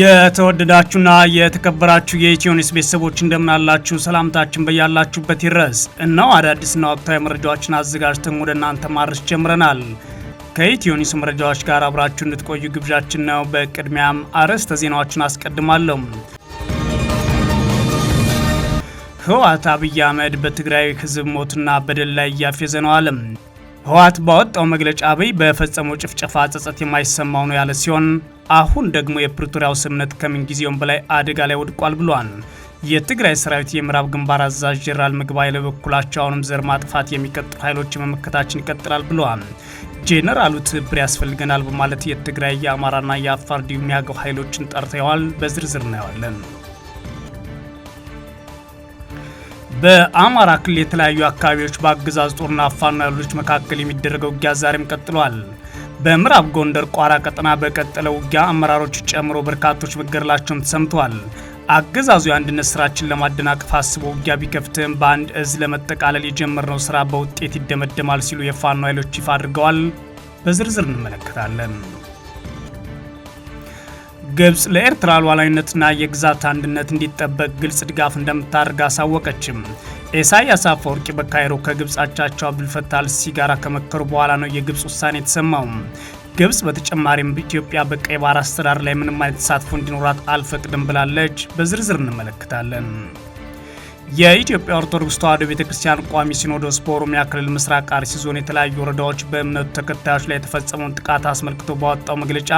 የተወደዳችሁና የተከበራችሁ የኢትዮኒስ ቤተሰቦች እንደምናላችሁ ሰላምታችን በያላችሁበት ይድረስ። እነሆ አዳዲስና ወቅታዊ መረጃዎችን አዘጋጅተን ወደ እናንተ ማድረስ ጀምረናል። ከኢትዮኒስ መረጃዎች ጋር አብራችሁ እንድትቆዩ ግብዣችን ነው። በቅድሚያም አርዕስተ ዜናዎችን አስቀድማለሁ። ህወሓት አብይ አህመድ በትግራይ ህዝብ ሞትና በደል ላይ እያፌዘ ነው አለም። ህወሓት ባወጣው መግለጫ አብይ በፈጸመው ጭፍጨፋ ጸጸት የማይሰማው ነው ያለ ሲሆን አሁን ደግሞ የፕሪቶሪያው ስምምነት ከምንጊዜውም በላይ አደጋ ላይ ወድቋል ብሏል። የትግራይ ሰራዊት የምዕራብ ግንባር አዛዥ ምግብ ኃይለ በኩላቸው አሁንም ዘር ማጥፋት የሚቀጥሉ ኃይሎች መመከታችን ይቀጥላል ብለዋል። ጄኔራሉ ትብብር ያስፈልገናል በማለት የትግራይ የአማራና የአፋር እንዲሁም የአገው ኃይሎችን ጠርተዋል። በዝርዝር እናየዋለን። በአማራ ክልል የተለያዩ አካባቢዎች በአገዛዝ ጦርና ፋኖ ኃይሎች መካከል የሚደረገው ውጊያ ዛሬም ቀጥሏል። በምዕራብ ጎንደር ቋራ ቀጠና በቀጠለ ውጊያ አመራሮች ጨምሮ በርካቶች መገደላቸውም ተሰምተዋል። አገዛዙ የአንድነት ስራችን ለማደናቀፍ አስቦ ውጊያ ቢከፍትም በአንድ እዝ ለመጠቃለል የጀመርነው ስራ በውጤት ይደመደማል ሲሉ የፋኖ ኃይሎች ይፋ አድርገዋል። በዝርዝር እንመለከታለን። ግብጽ ለኤርትራ ሉዓላዊነትና የግዛት አንድነት እንዲጠበቅ ግልጽ ድጋፍ እንደምታደርግ አሳወቀችም። ኢሳያስ አፈወርቂ በካይሮ ከግብጽ አቻቸው አብዱልፈታህ አልሲሲ ጋር ከመከሩ በኋላ ነው የግብጽ ውሳኔ የተሰማው። ግብጽ በተጨማሪም ኢትዮጵያ በቀይ ባህር አስተዳደር ላይ ምንም አይነት ተሳትፎ እንዲኖራት አልፈቅድም ብላለች። በዝርዝር እንመለከታለን። የኢትዮጵያ ኦርቶዶክስ ተዋሕዶ ቤተ ክርስቲያን ቋሚ ሲኖዶስ በኦሮሚያ ክልል ምስራቅ አርሲ ዞን የተለያዩ ወረዳዎች በእምነቱ ተከታዮች ላይ የተፈጸመውን ጥቃት አስመልክቶ ባወጣው መግለጫ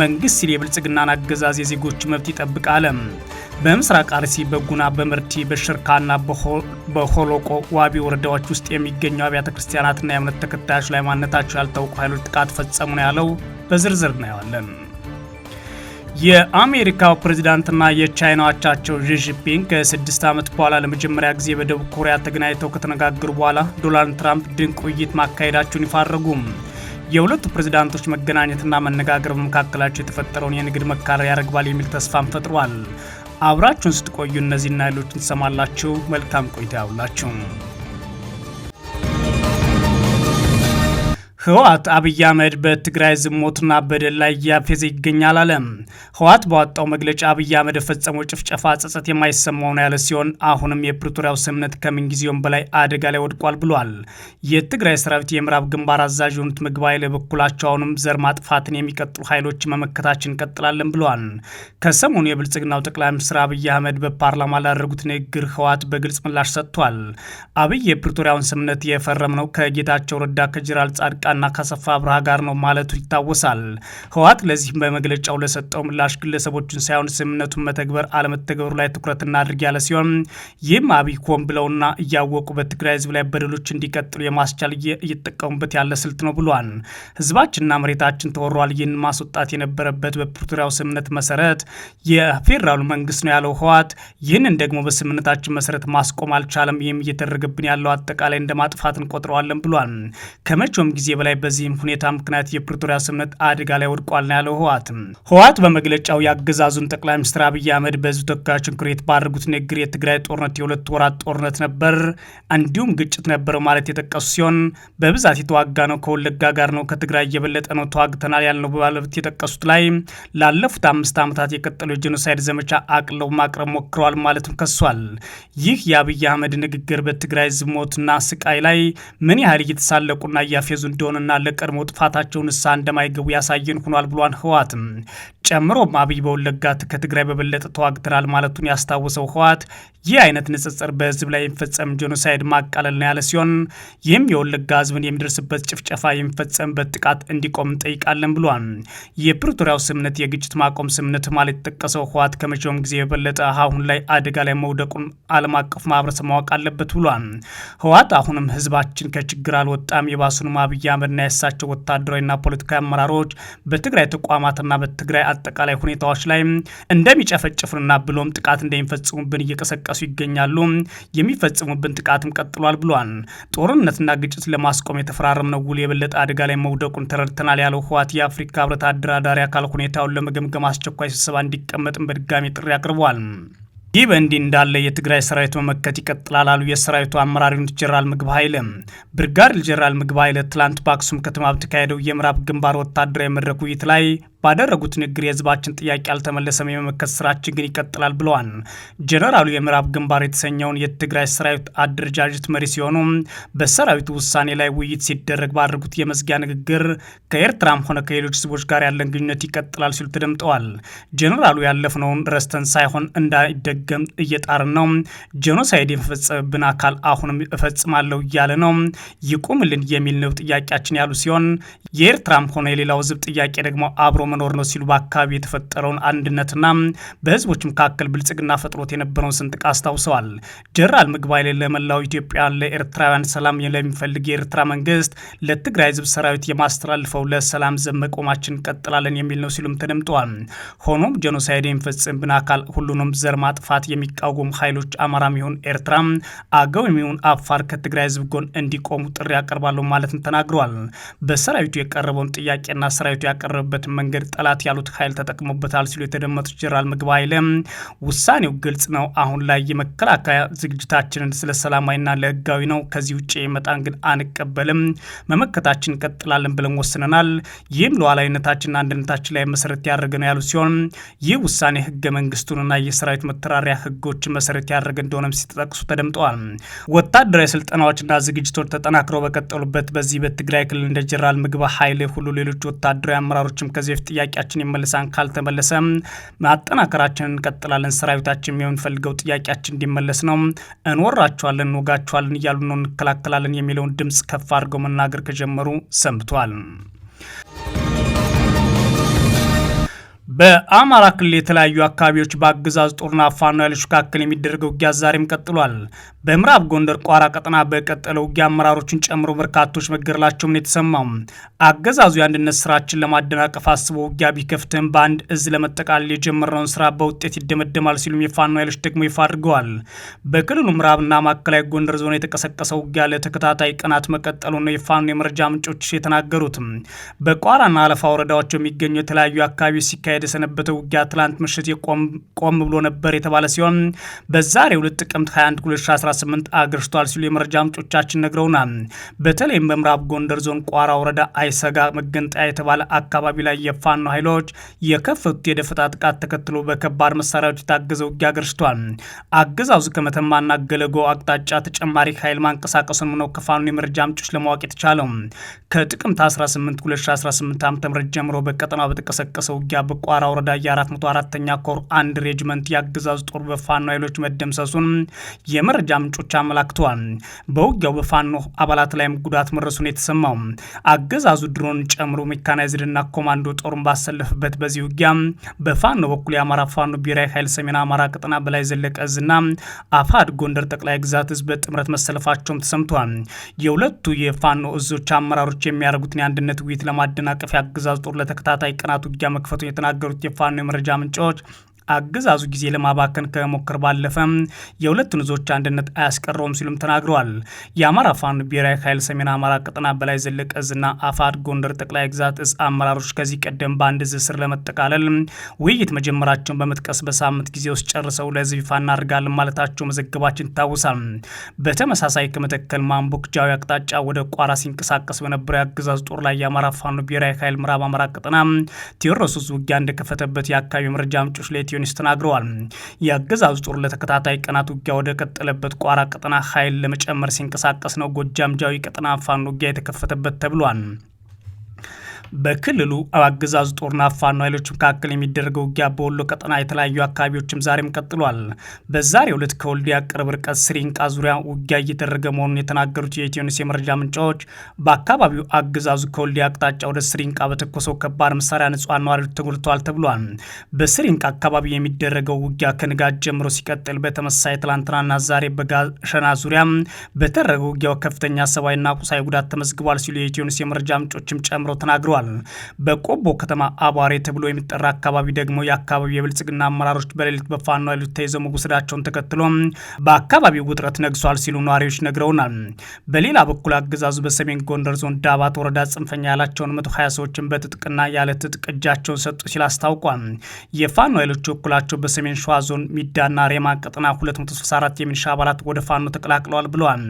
መንግስት ሲል የብልጽግናን አገዛዝ የዜጎች መብት ይጠብቃል፣ በምስራቅ አርሲ በጉና በመርቲ በሽርካና በሆሎቆ ዋቢ ወረዳዎች ውስጥ የሚገኙ አብያተ ክርስቲያናትና የእምነት ተከታዮች ላይ ማንነታቸው ያልታወቁ ኃይሎች ጥቃት ፈጸሙ ነው ያለው። በዝርዝር እናየዋለን። የአሜሪካው ፕሬዝዳንትና የቻይና አቻቸው ዢ ከስድስት ዓመት በኋላ ለመጀመሪያ ጊዜ በደቡብ ኮሪያ ተገናኝተው ከተነጋገሩ በኋላ ዶናልድ ትራምፕ ድንቅ ውይይት ማካሄዳቸውን ይፋረጉም የሁለቱ ፕሬዝዳንቶች መገናኘትና መነጋገር በመካከላቸው የተፈጠረውን የንግድ መካረር ያረግባል የሚል ተስፋም ፈጥሯል። አብራችሁን ስትቆዩ እነዚህና ሌሎችን ትሰማላችሁ። መልካም ቆይታ ያውላችሁ። ህወሓት አብይ አህመድ በትግራይ ዝሞትና በደል ላይ እያፌዘ ይገኛል አለ። ህወሓት በወጣው መግለጫ አብይ አህመድ የፈጸመው ጭፍጨፋ ጸጸት የማይሰማው ነው ያለ ሲሆን አሁንም የፕሪቶሪያው ስምምነት ከምንጊዜውም በላይ አደጋ ላይ ወድቋል ብሏል። የትግራይ ሰራዊት የምዕራብ ግንባር አዛዥ የሆኑት ምግባይ ለበኩላቸው አሁንም ዘር ማጥፋትን የሚቀጥሉ ኃይሎች መመከታችን እንቀጥላለን ብሏል። ከሰሞኑ የብልጽግናው ጠቅላይ ሚኒስትር አብይ አህመድ በፓርላማ ላደረጉት ንግግር ህወሓት በግልጽ ምላሽ ሰጥቷል። አብይ የፕሪቶሪያውን ስምምነት ነው ከጌታቸው ረዳ ከጀነራል ጻድቃን ፋና ከሰፋ አብርሃ ጋር ነው ማለቱ ይታወሳል። ህወሓት ለዚህም በመግለጫው ለሰጠው ምላሽ ግለሰቦችን ሳይሆን ስምምነቱን መተግበር አለመተግበሩ ላይ ትኩረት እናድርግ ያለ ሲሆን ይህም አብይ ብለውና እያወቁ በትግራይ ህዝብ ላይ በደሎች እንዲቀጥሉ የማስቻል እየጠቀሙበት ያለ ስልት ነው ብሏል። ህዝባችንና መሬታችን ተወሯል። ይህን ማስወጣት የነበረበት በፕሪቶሪያው ስምምነት መሰረት የፌዴራሉ መንግስት ነው ያለው ህወሓት ይህንን ደግሞ በስምምነታችን መሰረት ማስቆም አልቻለም። ይህም እየተደረገብን ያለው አጠቃላይ እንደ ማጥፋት እንቆጥረዋለን ብሏል። ከመቼውም ጊዜ በላይ በዚህም ሁኔታ ምክንያት የፕሪቶሪያ ስምምነት አደጋ ላይ ወድቋል ነው ያለው ህወሓትም። ህወሓት በመግለጫው የአገዛዙን ጠቅላይ ሚኒስትር አብይ አህመድ በህዝብ ተወካዮች ምክር ቤት ባደረጉት ንግግር የትግራይ ጦርነት የሁለት ወራት ጦርነት ነበር፣ እንዲሁም ግጭት ነበር ማለት የጠቀሱ ሲሆን በብዛት የተዋጋ ነው ከወለጋ ጋር ነው ከትግራይ እየበለጠ ነው ተዋግተናል ያልነው በባለበት የጠቀሱት ላይ ላለፉት አምስት ዓመታት የቀጠሉ የጄኖሳይድ ዘመቻ አቅለው ማቅረብ ሞክረዋል ማለትም ከሷል። ይህ የአብይ አህመድ ንግግር በትግራይ ህዝብ ሞትና ስቃይ ላይ ምን ያህል እየተሳለቁና እያፌዙ እንደሆነ መሆናቸውንና ለቀድሞ ጥፋታቸውን እሳ እንደማይገቡ ያሳየን ሆኗል ብሏል ህወሓትም። ጨምሮም አብይ በወለጋ ከትግራይ በበለጠ ተዋግተናል ማለቱን ያስታወሰው ህወሓት ይህ አይነት ንጽጽር በህዝብ ላይ የሚፈጸም ጄኖሳይድ ማቃለል ነው ያለ ሲሆን ይህም የወለጋ ህዝብን የሚደርስበት ጭፍጨፋ የሚፈጸምበት ጥቃት እንዲቆም እንጠይቃለን ብሏል። የፕሪቶሪያው ስምምነት የግጭት ማቆም ስምምነት ማለት የተጠቀሰው ህወሓት ከመቼውም ጊዜ የበለጠ አሁን ላይ አደጋ ላይ መውደቁን ዓለም አቀፍ ማህበረሰብ ማወቅ አለበት ብሏል። ህወሓት አሁንም ህዝባችን ከችግር አልወጣም የባሱንም አብይ አብይና የእሳቸው ወታደራዊና ፖለቲካዊ አመራሮች በትግራይ ተቋማትና በትግራይ አጠቃላይ ሁኔታዎች ላይ እንደሚጨፈጭፉንና ብሎም ጥቃት እንደሚፈጽሙብን እየቀሰቀሱ ይገኛሉ። የሚፈጽሙብን ጥቃትም ቀጥሏል ብሏል። ጦርነትና ግጭት ለማስቆም የተፈራረምነው ውል የበለጠ አደጋ ላይ መውደቁን ተረድተናል ያለው ህወሓት የአፍሪካ ህብረት አደራዳሪ አካል ሁኔታውን ለመገምገም አስቸኳይ ስብሰባ እንዲቀመጥም በድጋሚ ጥሪ አቅርቧል። ይህ በእንዲህ እንዳለ የትግራይ ሰራዊት መመከት ይቀጥላል አሉ የሰራዊቱ አመራር ዩኒት ጀነራል ምግብ ኃይለ። ብርጋዴር ጀነራል ምግብ ኃይለ ትላንት በአክሱም ከተማ በተካሄደው የምዕራብ ግንባር ወታደራዊ መድረክ ውይይት ላይ ባደረጉት ንግግር የህዝባችን ጥያቄ አልተመለሰም፣ የመመከት ስራችን ግን ይቀጥላል ብለዋል። ጀነራሉ የምዕራብ ግንባር የተሰኘውን የትግራይ ሰራዊት አደረጃጀት መሪ ሲሆኑ በሰራዊቱ ውሳኔ ላይ ውይይት ሲደረግ ባደረጉት የመዝጊያ ንግግር ከኤርትራም ሆነ ከሌሎች ህዝቦች ጋር ያለን ግንኙነት ይቀጥላል ሲሉ ተደምጠዋል። ጀነራሉ ያለፍነውን ረስተን ሳይሆን እንዳይደገም እየጣርን ነው። ጄኖሳይድ የፈጸመብን አካል አሁንም እፈጽማለሁ እያለ ነው። ይቁምልን የሚል ነው ጥያቄያችን ያሉ ሲሆን የኤርትራም ሆነ የሌላው ህዝብ ጥያቄ ደግሞ አብሮ መኖር ነው ሲሉ በአካባቢ የተፈጠረውን አንድነትና በህዝቦች መካከል ብልጽግና ፈጥሮት የነበረውን ስንጥቅ አስታውሰዋል። ጀነራል ይሌ ለመላው ኢትዮጵያ ለኤርትራውያን ሰላም ለሚፈልግ የኤርትራ መንግስት ለትግራይ ህዝብ ሰራዊት የማስተላልፈው ለሰላም ዘብ መቆማችን እንቀጥላለን የሚል ነው ሲሉም ተደምጠዋል። ሆኖም ጄኖሳይድ የሚፈጽምብን አካል ሁሉንም ዘር ማጥፋት የሚቃወሙ ኃይሎች አማራም ይሁን ኤርትራ፣ አገው የሚሆን አፋር ከትግራይ ህዝብ ጎን እንዲቆሙ ጥሪ አቀርባለሁ ማለትም ተናግረዋል። በሰራዊቱ የቀረበውን ጥያቄና ሰራዊቱ ያቀረበበትን መንገድ መንገድ ጠላት ያሉት ኃይል ተጠቅሞበታል ሲሉ የተደመጡት ጀነራል ምግብ ኃይለ ውሳኔው ግልጽ ነው። አሁን ላይ የመከላከያ ዝግጅታችንን ስለ ሰላማዊና ለህጋዊ ነው። ከዚህ ውጭ የመጣን ግን አንቀበልም፣ መመከታችን እንቀጥላለን ብለን ወስነናል። ይህም ሉዓላዊነታችንና አንድነታችን ላይ መሰረት ያደረገ ነው ያሉ ሲሆን ይህ ውሳኔ ህገ መንግስቱንና የሰራዊት መተራሪያ ህጎችን መሰረት ያደረገ እንደሆነም ሲጠቅሱ ተደምጠዋል። ወታደራዊ ስልጠናዎችና ዝግጅቶች ተጠናክረው በቀጠሉበት በዚህ በትግራይ ክልል እንደ ጀነራል ምግብ ኃይል ሁሉ ሌሎች ወታደራዊ አመራሮችም ከዚህ በፊት ጥያቄያችን ይመልሳን ካልተመለሰም ማጠናከራችን እንቀጥላለን። ሰራዊታችን የምንፈልገው ጥያቄያችን እንዲመለስ ነው። እንወራቸዋለን፣ እንወጋቸዋለን እያሉ ነው። እንከላከላለን የሚለውን ድምፅ ከፍ አድርገው መናገር ከጀመሩ ሰምቷል። በአማራ ክልል የተለያዩ አካባቢዎች በአገዛዝ ጦርና ፋኖ ኃይሎች መካከል የሚደረገው ውጊያ ዛሬም ቀጥሏል። በምዕራብ ጎንደር ቋራ ቀጠና በቀጠለው ውጊያ አመራሮችን ጨምሮ በርካቶች መገደላቸውም ነው የተሰማው። አገዛዙ የአንድነት ስራችን ለማደናቀፍ አስቦ ውጊያ ቢከፍትም በአንድ እዝ ለመጠቃለል የጀመረውን ስራ በውጤት ይደመደማል ሲሉም የፋኖ ኃይሎች ደግሞ ይፋ አድርገዋል። በክልሉ ምዕራብና ማዕከላዊ ጎንደር ዞን የተቀሰቀሰው ውጊያ ለተከታታይ ቀናት መቀጠሉ ነው የፋኖ የመረጃ ምንጮች የተናገሩት። በቋራና አለፋ ወረዳዎች የሚገኙ የተለያዩ አካባቢዎች ሲካሄድ የሰነበተው ውጊያ ትላንት ምሽት የቆም ብሎ ነበር የተባለ ሲሆን በዛሬ ሁለት ጥቅምት 21 18 አገርሽቷል ሲሉ የመረጃ ምንጮቻችን ነግረውናል። በተለይም በምዕራብ ጎንደር ዞን ቋራ ወረዳ አይሰጋ መገንጠያ የተባለ አካባቢ ላይ የፋኖ ኃይሎች የከፈቱት የደፈጣ ጥቃት ተከትሎ በከባድ መሳሪያዎች የታገዘ ውጊያ አገርሽቷል። አገዛዙ ከመተማና ገለጎ አቅጣጫ ተጨማሪ ኃይል ማንቀሳቀሱን ነው ከፋኖ የመረጃ ምንጮች ለማወቅ የተቻለው። ከጥቅምት 18 2018 ዓ ም ጀምሮ በቀጠናው በተቀሰቀሰ ውጊያ በቋራ ወረዳ የ 44 ኛ ኮር አንድ ሬጅመንት የአገዛዙ ጦር በፋኖ ኃይሎች መደምሰሱን የመረጃ ምንጮች አመላክተዋል። በውጊያው በፋኖ አባላት ላይም ጉዳት መድረሱን የተሰማው አገዛዙ ድሮን ጨምሮ ሜካናይዝድና ኮማንዶ ጦሩን ባሰለፍበት በዚህ ውጊያ በፋኖ በኩል የአማራ ፋኖ ብሔራዊ ኃይል ሰሜን አማራ ቅጥና በላይ ዘለቀ እዝና አፋድ ጎንደር ጠቅላይ ግዛት ህዝብ በጥምረት መሰለፋቸውም ተሰምቷል። የሁለቱ የፋኖ እዞች አመራሮች የሚያደርጉትን የአንድነት ውይይት ለማደናቀፍ የአገዛዙ ጦር ለተከታታይ ቀናት ውጊያ መክፈቱን የተናገሩት የፋኖ የመረጃ ምንጮች አገዛዙ ጊዜ ለማባከን ከሞከር ባለፈ የሁለቱን እዞች አንድነት አያስቀረውም ሲሉም ተናግረዋል። የአማራ ፋኖ ብሔራዊ ኃይል ሰሜን አማራ ቀጠና በላይ ዘለቀ እዝና አፋድ ጎንደር ጠቅላይ ግዛት እዝ አመራሮች ከዚህ ቀደም በአንድ እዝ ስር ለመጠቃለል ውይይት መጀመራቸውን በመጥቀስ በሳምንት ጊዜ ውስጥ ጨርሰው ለህዝብ ይፋ እናደርጋለን ማለታቸው መዘገባችን ይታወሳል። በተመሳሳይ ከመተከል ጃዊ አቅጣጫ ወደ ቋራ ሲንቀሳቀስ በነበረው የአገዛዙ ጦር ላይ የአማራ ፋኖ ብሔራዊ ኃይል ምዕራብ አማራ ቀጠና ቴዎድሮስ ውጊያ እንደከፈተበት የአካባቢ መረጃ ምንጮች ላይ ዩኒስ ተናግረዋል። የአገዛዙ ጦር ለተከታታይ ቀናት ውጊያ ወደ ቀጠለበት ቋራ ቀጠና ኃይል ለመጨመር ሲንቀሳቀስ ነው ጎጃም ጃዊ ቀጠና ፋኖ ውጊያ የተከፈተበት ተብሏል። በክልሉ አገዛዙ ጦርና ፋኖ ኃይሎች መካከል የሚደረገው ውጊያ በወሎ ቀጠና የተለያዩ አካባቢዎችም ዛሬም ቀጥሏል። በዛሬው ዕለት ከወልዲያ ቅርብ ርቀት ስሪንቃ ዙሪያ ውጊያ እየተደረገ መሆኑን የተናገሩት የኢትዮኒስ የመረጃ ምንጫዎች በአካባቢው አገዛዙ ከወልዲያ አቅጣጫ ወደ ስሪንቃ በተኮሰው ከባድ መሳሪያ ንጹሐን ነዋሪዎች ተጎድተዋል ተብሏል። በስሪንቃ አካባቢ የሚደረገው ውጊያ ከንጋት ጀምሮ ሲቀጥል በተመሳሳይ ትላንትናና ዛሬ በጋሸና ዙሪያ በተደረገው ውጊያው ከፍተኛ ሰብአዊና ቁሳዊ ጉዳት ተመዝግቧል ሲሉ የኢትዮኒስ የመረጃ ምንጮችም ጨምረው ተናግረዋል። ተብሏል። በቆቦ ከተማ አቧሬ ተብሎ የሚጠራ አካባቢ ደግሞ የአካባቢው የብልጽግና አመራሮች በሌሊት በፋኖ ኃይሎች ተይዘው መወሰዳቸውን ተከትሎ በአካባቢው ውጥረት ነግሷል ሲሉ ነዋሪዎች ነግረውናል። በሌላ በኩል አገዛዙ በሰሜን ጎንደር ዞን ዳባት ወረዳ ጽንፈኛ ያላቸውን መቶ ሰዎችን በትጥቅና ያለ ትጥቅ እጃቸውን ሰጡ ሲል አስታውቋል። የፋኖ ኃይሎች በኩላቸው በሰሜን ሸዋ ዞን ሚዳና ሬማ ቀጠና 264 የሚሊሻ አባላት ወደ ፋኖ ተቀላቅለዋል ብለዋል።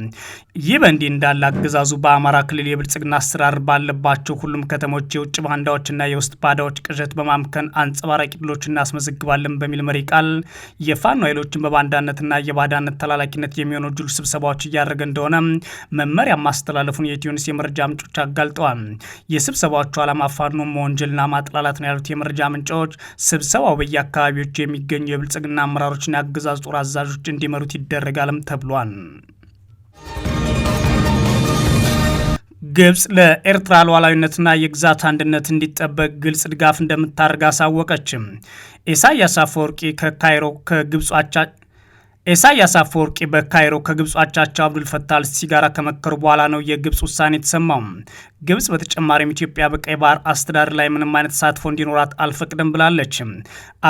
ይህ በእንዲህ እንዳለ አገዛዙ በአማራ ክልል የብልጽግና አሰራር ባለባቸው ሁሉም ከተሞች ከተሞች የውጭ ባንዳዎችና የውስጥ ባዳዎች ቅዠት በማምከን አንጸባራቂ ድሎች እናስመዘግባለን በሚል መሪ ቃል የፋኖ ኃይሎችን በባንዳነትና የባዳነት ተላላኪነት የሚሆኑ ጁል ስብሰባዎች እያደረገ እንደሆነ መመሪያ ማስተላለፉን የትዩኒስ የመረጃ ምንጮች አጋልጠዋል። የስብሰባዎቹ ዓላማ ፋኖ መወንጀልና ማጥላላት ነው ያሉት የመረጃ ምንጮች ስብሰባው በየአካባቢዎች የሚገኙ የብልጽግና አመራሮችና የአገዛዝ ጦር አዛዦች እንዲመሩት ይደረጋልም ተብሏል። ግብጽ ለኤርትራ ሉዓላዊነትና የግዛት አንድነት እንዲጠበቅ ግልጽ ድጋፍ እንደምታደርግ አሳወቀችም። ኢሳያስ አፈወርቂ ከካይሮ ከግብጽ አቻ ኢሳያስ አፈወርቂ በካይሮ ከግብፅ አቻቸው አብዱልፈታህ አልሲሲ ጋር ከመከሩ በኋላ ነው የግብፅ ውሳኔ የተሰማው። ግብጽ በተጨማሪም ኢትዮጵያ በቀይ ባህር አስተዳደር ላይ ምንም አይነት ተሳትፎ እንዲኖራት አልፈቅድም ብላለች።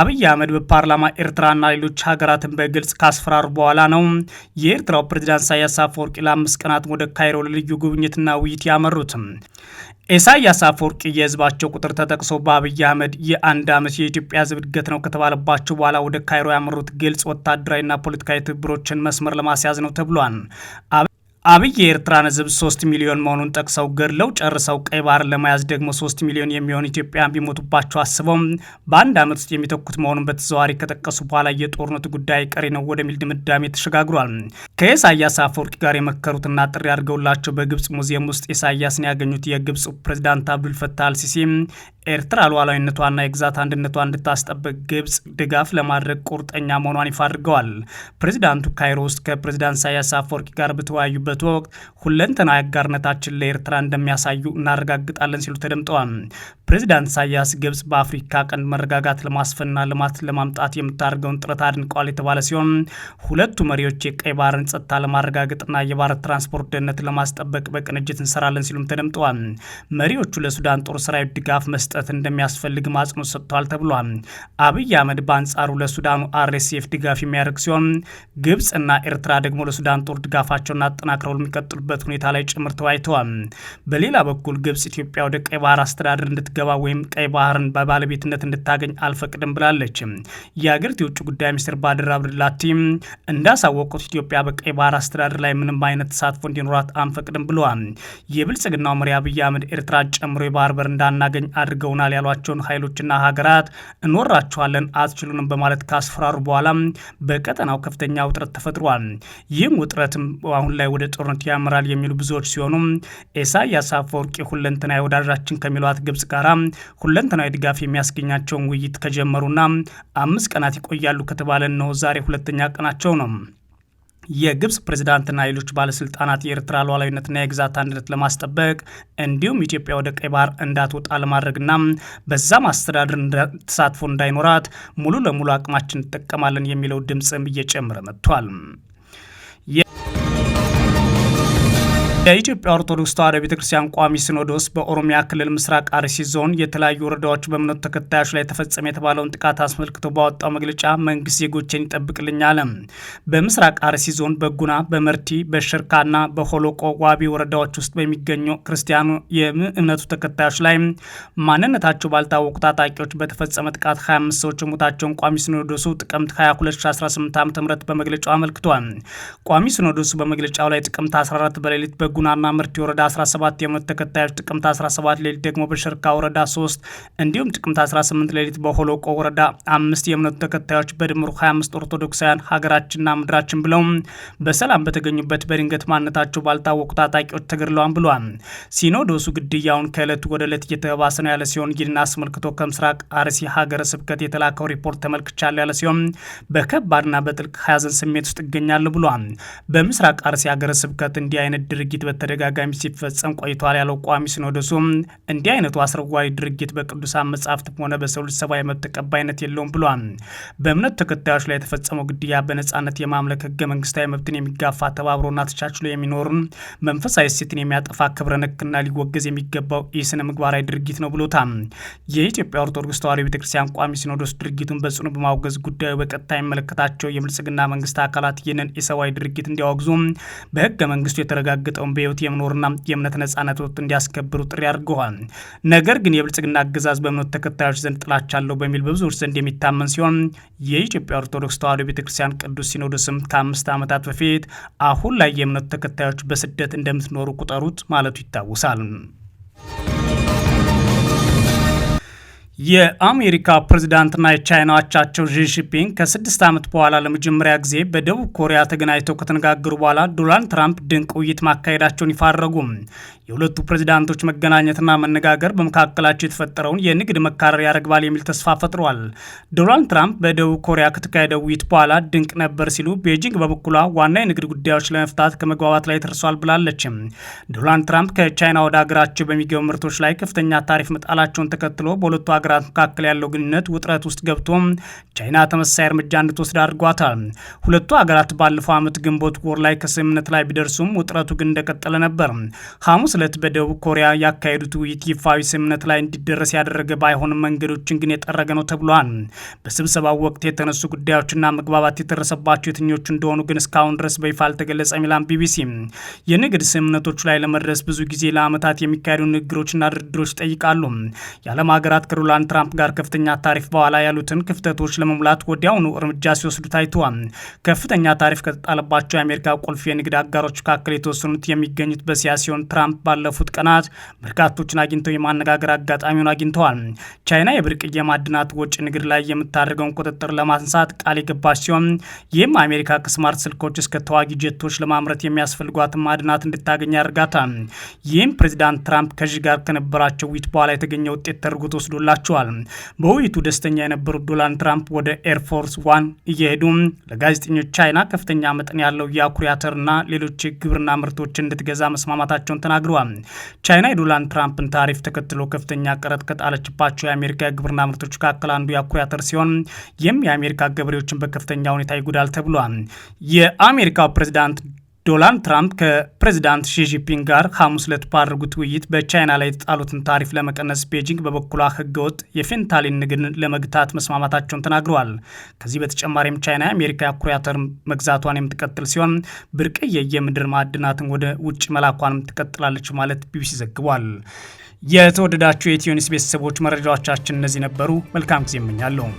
አብይ አህመድ በፓርላማ ኤርትራና ሌሎች ሀገራትን በግልጽ ካስፈራሩ በኋላ ነው የኤርትራው ፕሬዚዳንት ኢሳያስ አፈወርቂ ለአምስት ቀናት ወደ ካይሮ ልዩ ጉብኝትና ውይይት ያመሩት። ኢሳያስ አፈወርቂ የህዝባቸው ቁጥር ተጠቅሶ በአብይ አህመድ የአንድ ዓመት የኢትዮጵያ ህዝብ እድገት ነው ከተባለባቸው በኋላ ወደ ካይሮ ያመሩት ግልጽ ወታደራዊና ፖለቲካዊ ትብብሮችን መስመር ለማስያዝ ነው ተብሏል። አብይ የኤርትራን ህዝብ ሶስት ሚሊዮን መሆኑን ጠቅሰው ገድለው ጨርሰው ቀይ ባህር ለመያዝ ደግሞ ሶስት ሚሊዮን የሚሆኑ ኢትዮጵያን ቢሞቱባቸው አስበው በአንድ ዓመት ውስጥ የሚተኩት መሆኑን በተዘዋዋሪ ከጠቀሱ በኋላ የጦርነቱ ጉዳይ ቀሪ ነው ወደሚል ድምዳሜ ተሸጋግሯል። ከኢሳያስ አፈወርቂ ጋር የመከሩትና ጥሪ አድርገውላቸው በግብጽ ሙዚየም ውስጥ ኢሳያስን ያገኙት የግብፅ ፕሬዚዳንት አብዱልፈታ አልሲሲ ኤርትራ ሉዓላዊነቷና የግዛት አንድነቷ እንድታስጠበቅ ግብጽ ድጋፍ ለማድረግ ቁርጠኛ መሆኗን ይፋ አድርገዋል። ፕሬዚዳንቱ ካይሮ ውስጥ ከፕሬዚዳንት ኢሳያስ አፈወርቂ ጋር በተወያዩበት በሚያደርጉበት ወቅት ሁለንተና አጋርነታችን ለኤርትራ እንደሚያሳዩ እናረጋግጣለን ሲሉ ተደምጠዋል። ፕሬዚዳንት ኢሳያስ ግብጽ በአፍሪካ ቀንድ መረጋጋት ለማስፈንና ልማት ለማምጣት የምታደርገውን ጥረት አድንቀዋል የተባለ ሲሆን ሁለቱ መሪዎች የቀይ ባህርን ጸጥታ ለማረጋገጥና የባህር ትራንስፖርት ደህንነት ለማስጠበቅ በቅንጅት እንሰራለን ሲሉም ተደምጠዋል። መሪዎቹ ለሱዳን ጦር ሰራዊት ድጋፍ መስጠት እንደሚያስፈልግ አጽንኦት ሰጥተዋል ተብሏል። አብይ አህመድ በአንጻሩ ለሱዳኑ አርኤስኤፍ ድጋፍ የሚያደርግ ሲሆን ግብጽና ኤርትራ ደግሞ ለሱዳን ጦር ድጋፋቸውን አጠናክረው የሚቀጥሉበት ሁኔታ ላይ ጭምር ተወያይተዋል። በሌላ በኩል ግብጽ ኢትዮጵያ ወደ ቀይ ባህር አስተዳደር እንድትገ እንድትገባ ወይም ቀይ ባህርን በባለቤትነት እንድታገኝ አልፈቅድም ብላለች። የአገሪቱ የውጭ ጉዳይ ሚኒስትር ባድር አብድላቲ እንዳሳወቁት ኢትዮጵያ በቀይ ባህር አስተዳደር ላይ ምንም አይነት ተሳትፎ እንዲኖራት አንፈቅድም ብለዋል። የብልጽግናው መሪ አብይ አህመድ ኤርትራ ጨምሮ የባህር በር እንዳናገኝ አድርገውናል ያሏቸውን ኃይሎችና ሀገራት እንወራቸዋለን፣ አትችሉንም በማለት ካስፈራሩ በኋላ በቀጠናው ከፍተኛ ውጥረት ተፈጥሯል። ይህም ውጥረትም አሁን ላይ ወደ ጦርነት ያምራል የሚሉ ብዙዎች ሲሆኑ ኢሳያስ አፈወርቂ ሁለንተና የወዳጃችን ከሚሏት ግብጽ ጋር ጋራ ሁለንተናዊ ድጋፍ የሚያስገኛቸውን ውይይት ከጀመሩና አምስት ቀናት ይቆያሉ ከተባለ ነው ዛሬ ሁለተኛ ቀናቸው ነው። የግብጽ ፕሬዝዳንትና ሌሎች ባለስልጣናት የኤርትራ ሉዓላዊነትና የግዛት አንድነት ለማስጠበቅ እንዲሁም ኢትዮጵያ ወደ ቀይ ባህር እንዳትወጣ ለማድረግና በዛም አስተዳደር ተሳትፎ እንዳይኖራት ሙሉ ለሙሉ አቅማችን እንጠቀማለን የሚለው ድምፅም እየጨመረ መጥቷል። የኢትዮጵያ ኦርቶዶክስ ተዋሕዶ ቤተክርስቲያን ቋሚ ሲኖዶስ በኦሮሚያ ክልል ምስራቅ አርሲ ዞን የተለያዩ ወረዳዎች በእምነቱ ተከታዮች ላይ ተፈጸመ የተባለውን ጥቃት አስመልክቶ ባወጣው መግለጫ መንግስት ዜጎችን ይጠብቅልኝ አለ። በምስራቅ አርሲ ዞን በጉና በመርቲ በሽርካና በሆሎቆ ዋቢ ወረዳዎች ውስጥ በሚገኙ ክርስቲያኑ የእምነቱ ተከታዮች ላይ ማንነታቸው ባልታወቁ ታጣቂዎች በተፈጸመ ጥቃት 25 ሰዎች ሞታቸውን ቋሚ ሲኖዶሱ ጥቅምት 22/2018 ዓ ም በመግለጫው አመልክቷል። ቋሚ ሲኖዶሱ በመግለጫው ላይ ጥቅምት 14 በሌሊት ጉናና ምርት የወረዳ 17 የእምነት ተከታዮች ጥቅምት 17 ሌሊት ደግሞ በሸርካ ወረዳ 3 እንዲሁም ጥቅምት 18 ሌሊት በሆሎቆ ወረዳ አምስት የእምነቱ ተከታዮች በድምሩ 25 ኦርቶዶክሳውያን ሀገራችንና ምድራችን ብለው በሰላም በተገኙበት በድንገት ማንነታቸው ባልታወቁ ታጣቂዎች ተገድለዋል ብሏል። ሲኖዶሱ ግድያውን ከዕለት ወደ ዕለት እየተባሰ ነው ያለ ሲሆን ይህን አስመልክቶ ከምስራቅ አርሲ ሀገረ ስብከት የተላከው ሪፖርት ተመልክቻለሁ ያለ ሲሆን በከባድና በጥልቅ ሀዘን ስሜት ውስጥ ይገኛል ብሏል። በምስራቅ አርሲ ሀገረ ስብከት እንዲህ አይነት ድርጊት በተደጋጋሚ ሲፈጸም ቆይቷል ያለው ቋሚ ሲኖዶሱም እንዲህ አይነቱ አስረዋሪ ድርጊት በቅዱሳን መጻሕፍትም ሆነ በሰው ልጅ ሰብአዊ መብት ተቀባይነት የለውም ብሏል። በእምነት ተከታዮች ላይ የተፈጸመው ግድያ በነጻነት የማምለክ ህገ መንግስታዊ መብትን የሚጋፋ ተባብሮና ተቻችሎ የሚኖርን መንፈሳዊ ሴትን የሚያጠፋ ክብረ ነክና ሊወገዝ የሚገባው የስነ ምግባራዊ ድርጊት ነው ብሎታል። የኢትዮጵያ ኦርቶዶክስ ተዋሕዶ ቤተክርስቲያን ቋሚ ሲኖዶስ ድርጊቱን በጽኑ በማውገዝ ጉዳዩ በቀጥታ የሚመለከታቸው የብልጽግና መንግስት አካላት ይህንን ኢሰብአዊ ድርጊት እንዲያወግዙ በህገ መንግስቱ የተረጋገጠውን ሁሉም በህይወት የመኖርና የእምነት ነጻነት እንዲያስከብሩ ጥሪ አድርገዋል። ነገር ግን የብልጽግና አገዛዝ በእምነት ተከታዮች ዘንድ ጥላቻ አለው በሚል በብዙዎች ዘንድ የሚታመን ሲሆን የኢትዮጵያ ኦርቶዶክስ ተዋሕዶ ቤተክርስቲያን ቅዱስ ሲኖዶስም ከአምስት ዓመታት በፊት አሁን ላይ የእምነቱ ተከታዮች በስደት እንደምትኖሩ ቁጠሩት ማለቱ ይታወሳል። የአሜሪካ ፕሬዝዳንትና የቻይና አቻቸው ዢ ከስድስት ዓመት በኋላ ለመጀመሪያ ጊዜ በደቡብ ኮሪያ ተገናኝተው ከተነጋገሩ በኋላ ዶናልድ ትራምፕ ድንቅ ውይይት ማካሄዳቸውን ይፋረጉ የሁለቱ ፕሬዝዳንቶች መገናኘትና መነጋገር በመካከላቸው የተፈጠረውን የንግድ መካረር ያረግባል የሚል ተስፋ ፈጥሯል። ዶናልድ ትራምፕ በደቡብ ኮሪያ ከተካሄደ ውይይት በኋላ ድንቅ ነበር ሲሉ፣ ቤጂንግ በበኩሏ ዋና የንግድ ጉዳዮች ለመፍታት ከመግባባት ላይ ተርሷል ብላለች። ዶናልድ ትራምፕ ከቻይና ወደ ሀገራቸው በሚገቡ ምርቶች ላይ ከፍተኛ ታሪፍ መጣላቸውን ተከትሎ በሁለቱ ሀገራት መካከል ያለው ግንኙነት ውጥረት ውስጥ ገብቶ ቻይና ተመሳሳይ እርምጃ እንድትወስድ አድርጓታል። ሁለቱ ሀገራት ባለፈው ዓመት ግንቦት ወር ላይ ከስምምነት ላይ ቢደርሱም ውጥረቱ ግን እንደቀጠለ ነበር። ሐሙስ ዕለት በደቡብ ኮሪያ ያካሄዱት ውይይት ይፋዊ ስምምነት ላይ እንዲደረስ ያደረገ ባይሆንም መንገዶችን ግን የጠረገ ነው ተብሏል። በስብሰባው ወቅት የተነሱ ጉዳዮችና መግባባት የደረሰባቸው የትኞቹ እንደሆኑ ግን እስካሁን ድረስ በይፋ አልተገለጸ ሚላን ቢቢሲ የንግድ ስምምነቶቹ ላይ ለመድረስ ብዙ ጊዜ ለዓመታት የሚካሄዱ ንግግሮችና ድርድሮች ይጠይቃሉ። የዓለም ሀገራት ከዶላር ከዶናልድ ትራምፕ ጋር ከፍተኛ ታሪፍ በኋላ ያሉትን ክፍተቶች ለመሙላት ወዲያውኑ እርምጃ ሲወስዱ ታይተዋል። ከፍተኛ ታሪፍ ከተጣለባቸው የአሜሪካ ቁልፍ የንግድ አጋሮች መካከል የተወሰኑት የሚገኙት በእስያ ሲሆን ትራምፕ ባለፉት ቀናት በርካቶችን አግኝተው የማነጋገር አጋጣሚውን አግኝተዋል። ቻይና የብርቅዬ ማዕድናት ወጪ ንግድ ላይ የምታደርገውን ቁጥጥር ለማንሳት ቃል የገባች ሲሆን ይህም አሜሪካ ከስማርት ስልኮች እስከ ተዋጊ ጀቶች ለማምረት የሚያስፈልጓትን ማዕድናት እንድታገኝ ያደርጋታል። ይህም ፕሬዚዳንት ትራምፕ ከዚህ ጋር ከነበራቸው ዊት በኋላ የተገኘ ውጤት ተደርጎ ተወስዶላቸው ተነግሮላቸዋል። በውይይቱ ደስተኛ የነበሩት ዶናልድ ትራምፕ ወደ ኤርፎርስ ዋን እየሄዱ ለጋዜጠኞች ቻይና ከፍተኛ መጠን ያለው የአኩሪ አተርና ሌሎች የግብርና ምርቶች እንድትገዛ መስማማታቸውን ተናግረዋል። ቻይና የዶናልድ ትራምፕን ታሪፍ ተከትሎ ከፍተኛ ቀረጥ ከጣለችባቸው የአሜሪካ የግብርና ምርቶች መካከል አንዱ የአኩሪ አተር ሲሆን ይህም የአሜሪካ ገበሬዎችን በከፍተኛ ሁኔታ ይጎዳል ተብሏል። የአሜሪካው ፕሬዚዳንት ዶናልድ ትራምፕ ከፕሬዚዳንት ሺጂፒንግ ጋር ሐሙስ ዕለት ባደረጉት ውይይት በቻይና ላይ የተጣሉትን ታሪፍ ለመቀነስ ቤጂንግ በበኩሏ ህገወጥ የፌንታሊን ንግድን ለመግታት መስማማታቸውን ተናግረዋል። ከዚህ በተጨማሪም ቻይና የአሜሪካ የኩሪያ አተር መግዛቷን የምትቀጥል ሲሆን ብርቅዬ የምድር ማዕድናትን ወደ ውጭ መላኳንም ትቀጥላለች ማለት ቢቢሲ ዘግቧል። የተወደዳችሁ የኢትዮኒውስ ቤተሰቦች መረጃዎቻችን እነዚህ ነበሩ። መልካም ጊዜ እመኛለሁ።